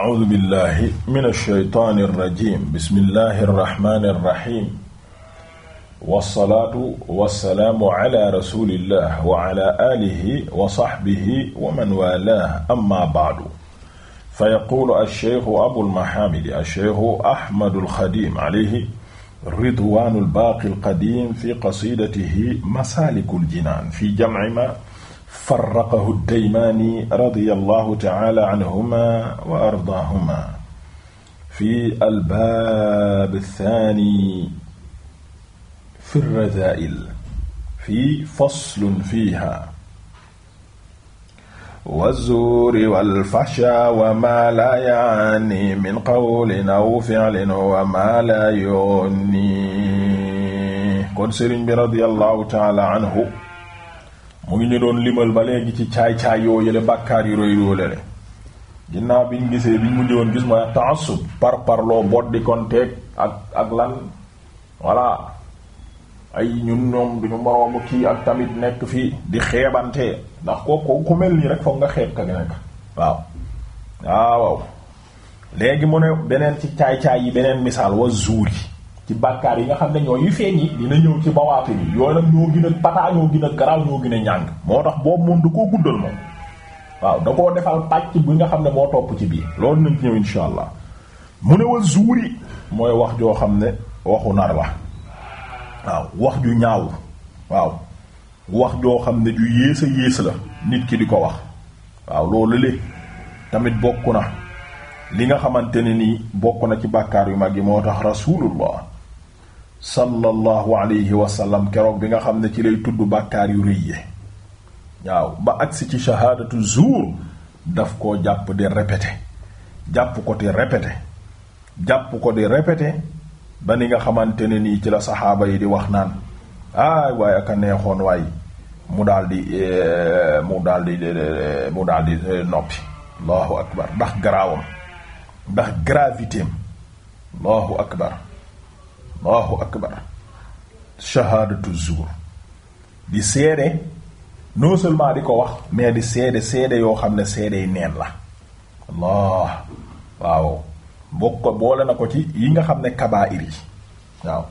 audu billahi min alsheytaan alrajim bismillahi arrahmani irrahim walsalaatu walsalaamu ala rasulillah wa ala alihi wa saxbihi wa man walah amma baadu fa yaquulu alsheikhu abulmahamidi alsheikhu ahmadu alxadim alayhi ridwaanu albaaqi alqadim fi qasidatihi masaaliku aljinaan fi jamci ma farraqahu ddaymaani radiyallahu ta'ala anhuma wa ardaahuma fi albaab athani fi radaail fi faslun fiiha wazzuuri walfahshaa wa maa laa ya'nii min qawlin aw fi'lin wa maa laa yughni kon sëriñ bi radiyallahu ta'ala anhu mu ngi ñu doon limal ba léegi ci caay-caay yoo yële bàkkaar yu rëy yoole le ginnaaw bi ñu gisee bi ñu woon gis mooy ta'assub par parloo bot di konteeg ak ak lan voilà ay ñun ñoom duñu moroomu kii ak tamit nekk fii di xeebante ndax ko ku mel nii rek foog nga xeeb ka nekk waaw waaw léegi mu ne beneen ci caay-caay yi beneen misaal wa zuuri ci bàkkaar yi nga xam ne ñooy yu feeñ yi dina ñëw ci bawaate yi yooyu nag ñoo gën a pataa ñoo gën a garaaw ñoo gën a ñàng moo tax boobu moom du koo guddal moom waaw da koo defal pàcc bi nga xam ne moo topp ci biir loolu nañ ci ñëw insha allah mu ne wa zuuri mooy wax joo xam ne waxu nar la waaw wax ju ñaaw waaw wax joo xam ne ju yées yées la nit ki di ko wax waaw loolu lé tamit bokk na li nga xamante ne nii bokk na ci bàkkaar yu mag yi moo tax rasulullah sallallahu alayhi wa sallam keroog bi nga xam ne ci lay tudd bàkkaar yu rëy waaw ba agsi ci shahaadatu zuur daf koo jàpp di répété jàpp ko di répété jàpp ko di répété ba ni nga xamante ne nii ci la saxaaba yi di wax naan aay waaye aka neexoon waay mu daal di eh, mu daal di eh, mu daal di eh, noppi allahu akbar ndax garaawam ndax gravité allahu akbar allahu akbar shahaadatu zuur di seede non seulement di ko wax mais di seede seede yoo xam ne seede yi neen la allah waaw bokk boole na ko ci yi nga xam ne kabaa'ir yi waaw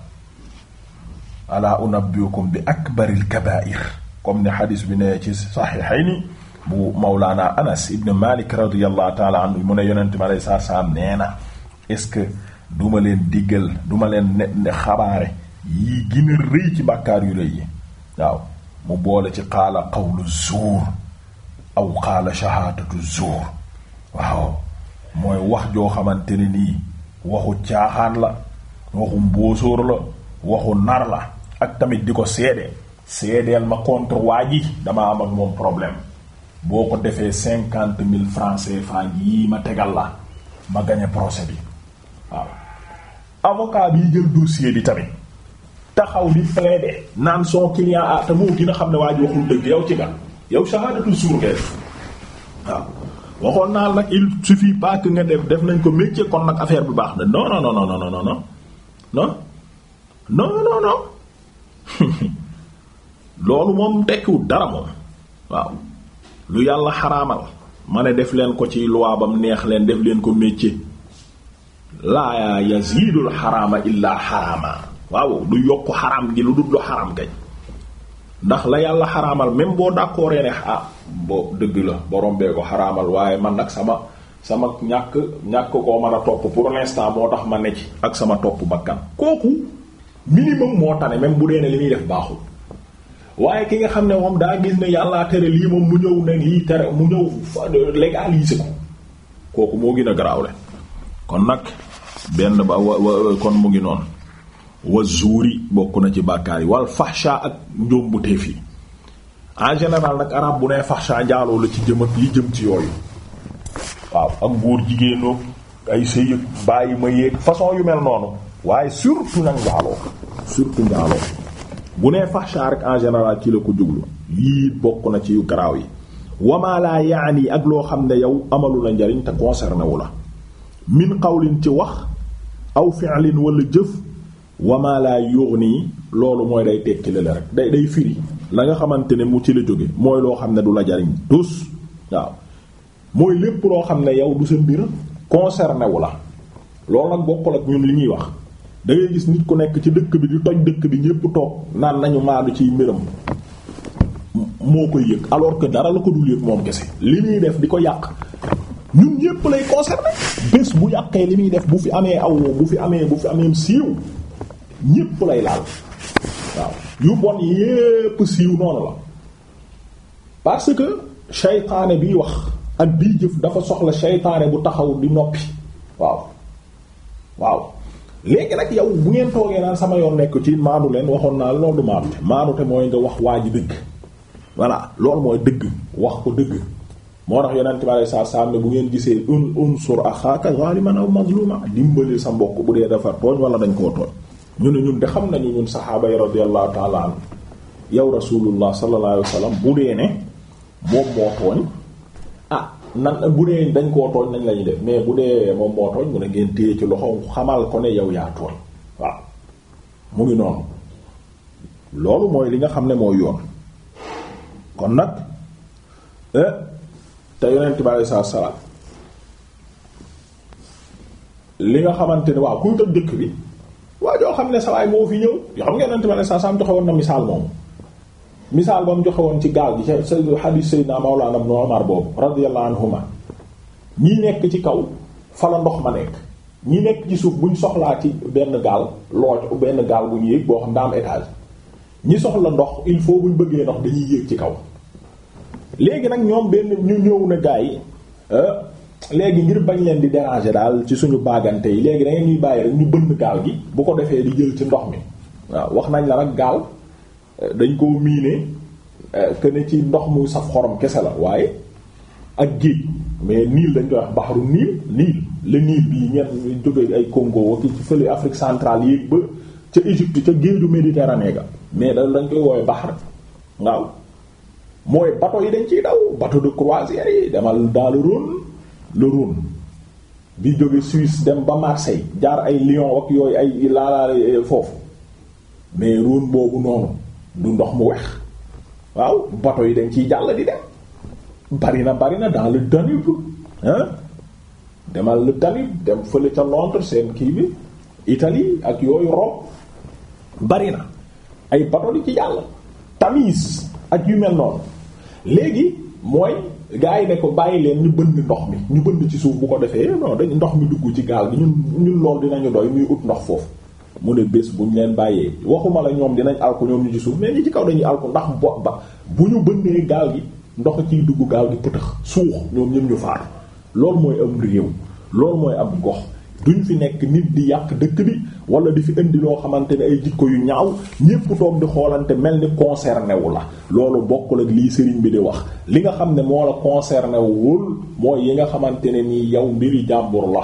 ala unabbiukum bi akbaril kabaa'ir comme ni xadis bi ne ci saxiixayni bu mawlaana anas ibn malik radiyallahu taala anhu mu ne yonente mi alayhi salaam nee na est-ce que duma leen diggal du ma leen ne xabaare yi gën a rëy ci bàkkaar yu rëy yi waaw mu boole ci xaala xawlu zuur aw xaala shahaadatu zuur waaw mooy wax joo xamante ne nii waxu caaxaan la waxu mbóosóor la waxu nar la ak tamit di ko seede seedeel ma contre waa ji dama am ak moom problème boo ko defee cinquante mille francs CFA yii ma tegal la ma gañe procès bi waaw avocat bi jël dossier bi tamit taxaw di plaider naan son client ah te xam ne waa ji waxul dëgg yow ci nga yow shahadatu suur ngay waaw waxoon naa nag il suffit pas que nga def def nañ ko métier kon nag affaire bu baax na non non non non loolu moom tekkiwul dara moom waaw lu yàlla xaraamal ma ne def leen ko ci loi bam neex leen def leen ko métier. laa yaziidul xaraama illaa xaraama waaw du yokk xaraam gi lu dul lu xaraam gañ ndax la yàlla xaraamal même boo d'accord ne ah boo dëgg la borom bee ko xaraamal waaye man ak sama sama ñàkk ñàkk koo mën a topp pour l'instant moo tax ma ne ci ak sama topp bakkan kooku minimum moo tane même bu dee ne li muy def baaxul waaye ki nga xam ne moom daa gis ne yàlla tere lii moom mu ñëw ne lii tere mu ñëw légaliser ko kooku moo gën a garaawle kon nag benn ba wa kon mu ngi noonu wa zuuri bokk na ci bàkkaar yi wal fahsha ak njóombuteef yi en général nag arab bu nee fahsha njaaloo la ci jëm ak yi jëm ci yooyu waaw ak góor jigéenoo ay sëy bàyyi ma yéeg façon yu mel noonu waaye surtout nag njaaloo surtout njaaloo bu nee fahsha rek en général ci la ko jublu yii bokk na ci garaaw yi wama la yaani ak loo xam ne yow amalu la njariñ te concerné wu la min qawlin ci wax aw fi'lin wala jëf wama laa nii loolu mooy day tekki la rek day day firi la nga xamante ne mu ci la jóge mooy loo xam ne du la jariñ tus waaw mooy lépp loo xam ne yow du sa mbir concerné wu la loolu nag bokkul ak ñun li ñuy wax da gis nit ku nekk ci dëkk bi di toj dëkk bi ñépp toog naan nañu maadu ciy mbiram moo koy yëg alors que dara la ko dul yëg moom kese li ñuy def di ko yàq ñun ñépp lay concerné bés bu yàqee li muy def bu fi amee aw bu fi amee bu fi amee siiw ñépp lay laal waaw yu bon yépp siiw noonu la parce que seytaane biy wax ak biy jëf dafa soxla seytaane bu taxaw di noppi waaw waaw léegi nag yow bu ngeen toogee naan sama yoon nekku ci maandu leen waxoon naa loolu du maandu te maandu te mooy nga wax waa ji dëgg voilà loolu mooy dëgg wax ko dëgg moo tax yonent bi alayhi salaatu salaam ne bu ngeen gisee un unsur axaaka zaliman aw mazluma dimbalil sa mbokk bu dee dafa tooñ wala dañ koo tooñ ñu ne ñun de xam nañu ñun saxaaba yi radiyallahu ta'ala anhu yow rasulullah sallallahu alayhi wasallam bu dee ne moom moo tooñ ah nan bu dee dañ koo tooñ nañ lañu def mais bu dee moom moo tooñ mu ne ngeen téye ci loxo xamal ko ne yow yaa tooñ waaw mu ngi noonu loolu mooy li nga xam ne mooy yoon kon nag eh, ca yonent bi aleyhi salaatu li nga xamante ne waaw kuy toj dëkk bi waa joo xam ne sawaay moo fi ñëw yoo xam nga yonent bi aleyhi salaatu salaam joxe woon na misaal moomu misaal ba mu joxe woon ci gaal gi ca hadiis Seydina Mawlaana Ibnu Umar boobu radiyallahu anhuma ñi nekk ci kaw fa la ndox ma nekk ñi nekk ci suuf buñ soxlaa ci benn gaal loo benn gaal bu ñu yéeg boo xam daa am étage ñi soxla ndox il faut buñ bëggee ndox dañuy yéeg ci kaw léegi nag ñoom benn ñu ñëw na gaa yi euh, léegi ngir bañ leen di déranger daal ci suñu baagante yi léegi da ñuy bàyyi rek ñu bënn gaal gi bu ko defee di jël ci ndox mi waaw wax nañ la nag gaal euh, dañ koo miine euh, que ne ci ndox mu saf xorom kese la waaye ak géej mais niil dañ koy wax baxaru niil niil la niil bii ñenn jóge ay Congo ak ci fële Afrique centrale yéeg ba ca Égypte ca géeju Méditerranée ga mais dañ koy woowee baxar waaw mooy bateau yi dañ ci daw bateau de croisière yi demal dans le Rhône le bi jóge Suisse dem ba Marseille jaar ay Lyon ak yooyu ay laalaale euh, foofu mais Rhône boobu noonu du ndox mu wex waaw bateau yi dañ ciy jàll di dem bari na bari na dans le Danube hein demal Danube dem fële ca Londres seen kii bi Italie ak yooyu Rome bari ay bateau li ci jàll Tamise ak yu mel noonu léegi mooy gars yi ne ko bàyyi leen ñu bënd ndox mi ñu bënd ci suuf bu ko defee non dañ ndox mi dugg ci gaal gi ñun ñun lool dinañu doy ñuy ut ndox foofu mu ne bés bu ñu leen bàyyee waxuma la ñoom dinañ alku ñoom ñu ci suuf mais ñi ci kaw dañuy alku ndax bo ba bu ñu bëndee gaal gi ndox ciy dugg gaal gi pëtëx suux ñoom ñëm ñu faatu loolu mooy am réew loolu mooy ab gox duñ fi nekk nit di yàq dëkk bi wala di fi indi loo xamante ne ay jikko yu ñaaw ñépp toog di xoolante mel ni concerné wu la loolu bokkul ak lii sëriñ bi di wax li nga xam ne moo la concerné wul mooy yi nga xamante ne nii yow mbiri jàmbur la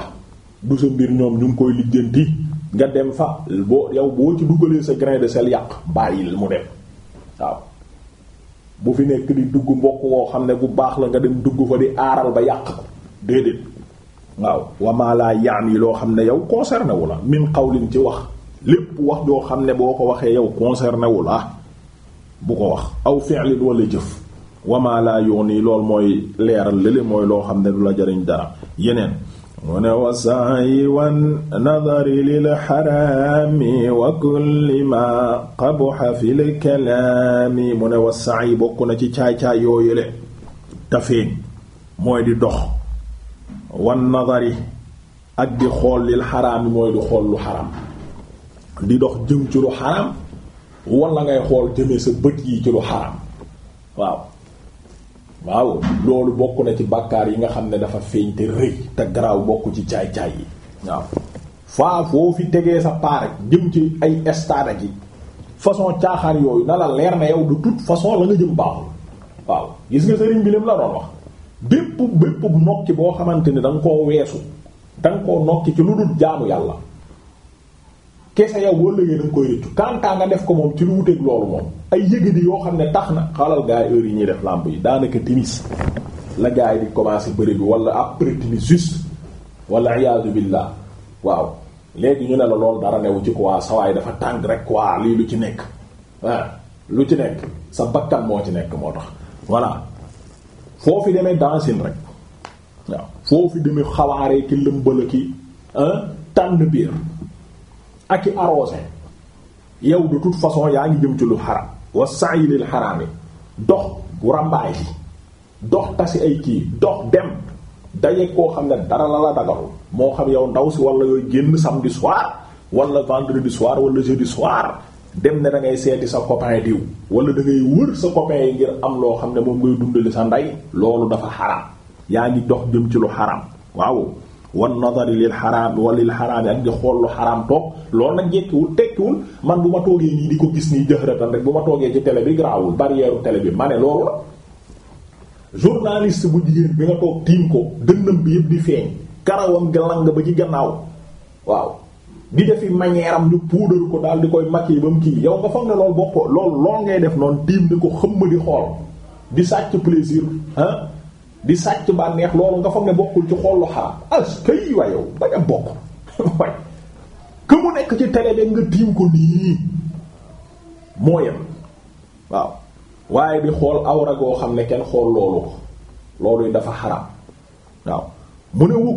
du sa mbir ñoom ñu ngi koy lijjanti nga dem fa boo yow boo ci dugalee sa grain de sel yàq bàyyil mu dem waaw bu fi nekk di dugg mbokk woo xam ne bu baax la nga dem dugg fa di aaral ba yàq ko déedéet waaw wamaa laa yaam yi loo xam ne yow concerné wu la min qawlin ci wax lépp wax joo xam ne boo ko waxee yow concerné wu la bu ko wax aw fi'lin wala jëf wamaa laa yoon yi loolu mooy leeral lële mooy loo xam ne du la jariñ dara yeneen mu ne wasaayi wan li lil xaraami wa kulli ma qabuxa fil kalaami mu ne wasaayi bokk na ci caay-caay yooyule tafeeñ mooy di dox wan nazari ak di xool lil xaraam yi mooy di xool lu xaraam di dox jëm ci lu xaraam wala ngay xool jëmee sa bët yi ci lu xaraam waaw waaw loolu bokk na ci bàkkaar yi nga xam ne dafa feeñ te rëy te garaaw bokk ci caay-caay yi waaw faa foo fi tegee sa paar jëm ci ay stade gi façon caaxaar yooyu na la leer na yow du toute façon la nga jëm baaxul waaw gis nga sëriñ bi la doon wax bépp bépp nokki boo xamante ni da nga koo weesu da koo nokki ci lu dul jaamu yàlla kese yow boo léegi da nga koy rëccu kantaa nga def ko moom ci lu wuteeg loolu moom ay yëga di yoo xam ne tax na xalal gars yi heure yi ñuy def làmb yi daanaka timis la gars yi di commencer bëri bi wala après timis juste wala iyaadu billah waaw léegi ñu ne la loolu dara newu ci quoi sawaay dafa tàng rek quoi lii lu ci nekk lu ci nekk sa bakkan moo ci nekk moo tax voilà foo fi demee dansin rek waaw foo fi demee xawaaree ki lëmbala ki tànn biir ak i arrosé yow de toute façon yaa ngi jëm ci lu xaram wa sa'i lil xaraam yi dox rambaay bi dox tasi ay kii dox dem dajeeg koo xam ne dara la la dagarul moo xam yow ndaw si wala yooyu génn samedi soir wala vendredi soir wala jeudi soir dem ne da seeti sa copain diw wala da ngay wër sa copain yi ngir am loo xam ne moom ngay dundali sa ndey loolu dafa xaraam yaa ngi dox jëm ci lu xaraam waaw wan nadari lil xaraam walil xaraam ak di xool la xaraam toog loolu nag jekkiwul man bu ma toogee nii di ko gis nii jëxëratan rek bu ma toogee ci télé bi garaawul barrière télé bi ma ne loolu la journaliste bu jigéen bi nga toog tiim ko dënnam bi yëpp di feeñ karawam galang ba ci gannaaw waaw di defi manière am ñu puudar ko daal di koy maquiller ba mu kii yow nga foog ne loolu bokkoo loolu lool ngay def noonu tiim ni ko xëmm di xool di sàcc plaisir ah di sàcc bànneex loolu nga foog ne bokkul ci xollu xaram as ah, kay wa yow bañ a bokk way que mu nekk ci télé de nga tiim ko nii moo yem waaw waaye di xool awra goo xam ne kenn xool loolu loolu yi dafa xaram waaw mu ne wu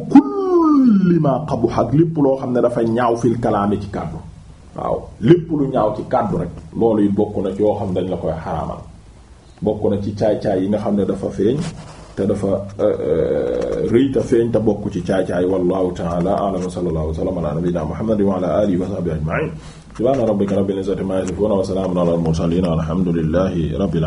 kulli ma qabuh ak lépp loo xam ne dafa ñaaw fil kalaami ci kàddu waaw lépp lu ñaaw ci kàddu rek loolu yi bokk na ci yoo xam ne dañ la koy xaraamal bokk na ci caay-caay yi nga xam ne dafa feeñ te dafa euh, euh, rëy te feeñ te bokk ci caay-caay wallahu ta'ala a'lam sallallahu alayhi wa sallam ala nabiyyina wa ala wa sahbihi ajma'in subhana rabbika rabbil izzati amma yasifun wa salamun ala al mursalin alhamdulillahi rabbil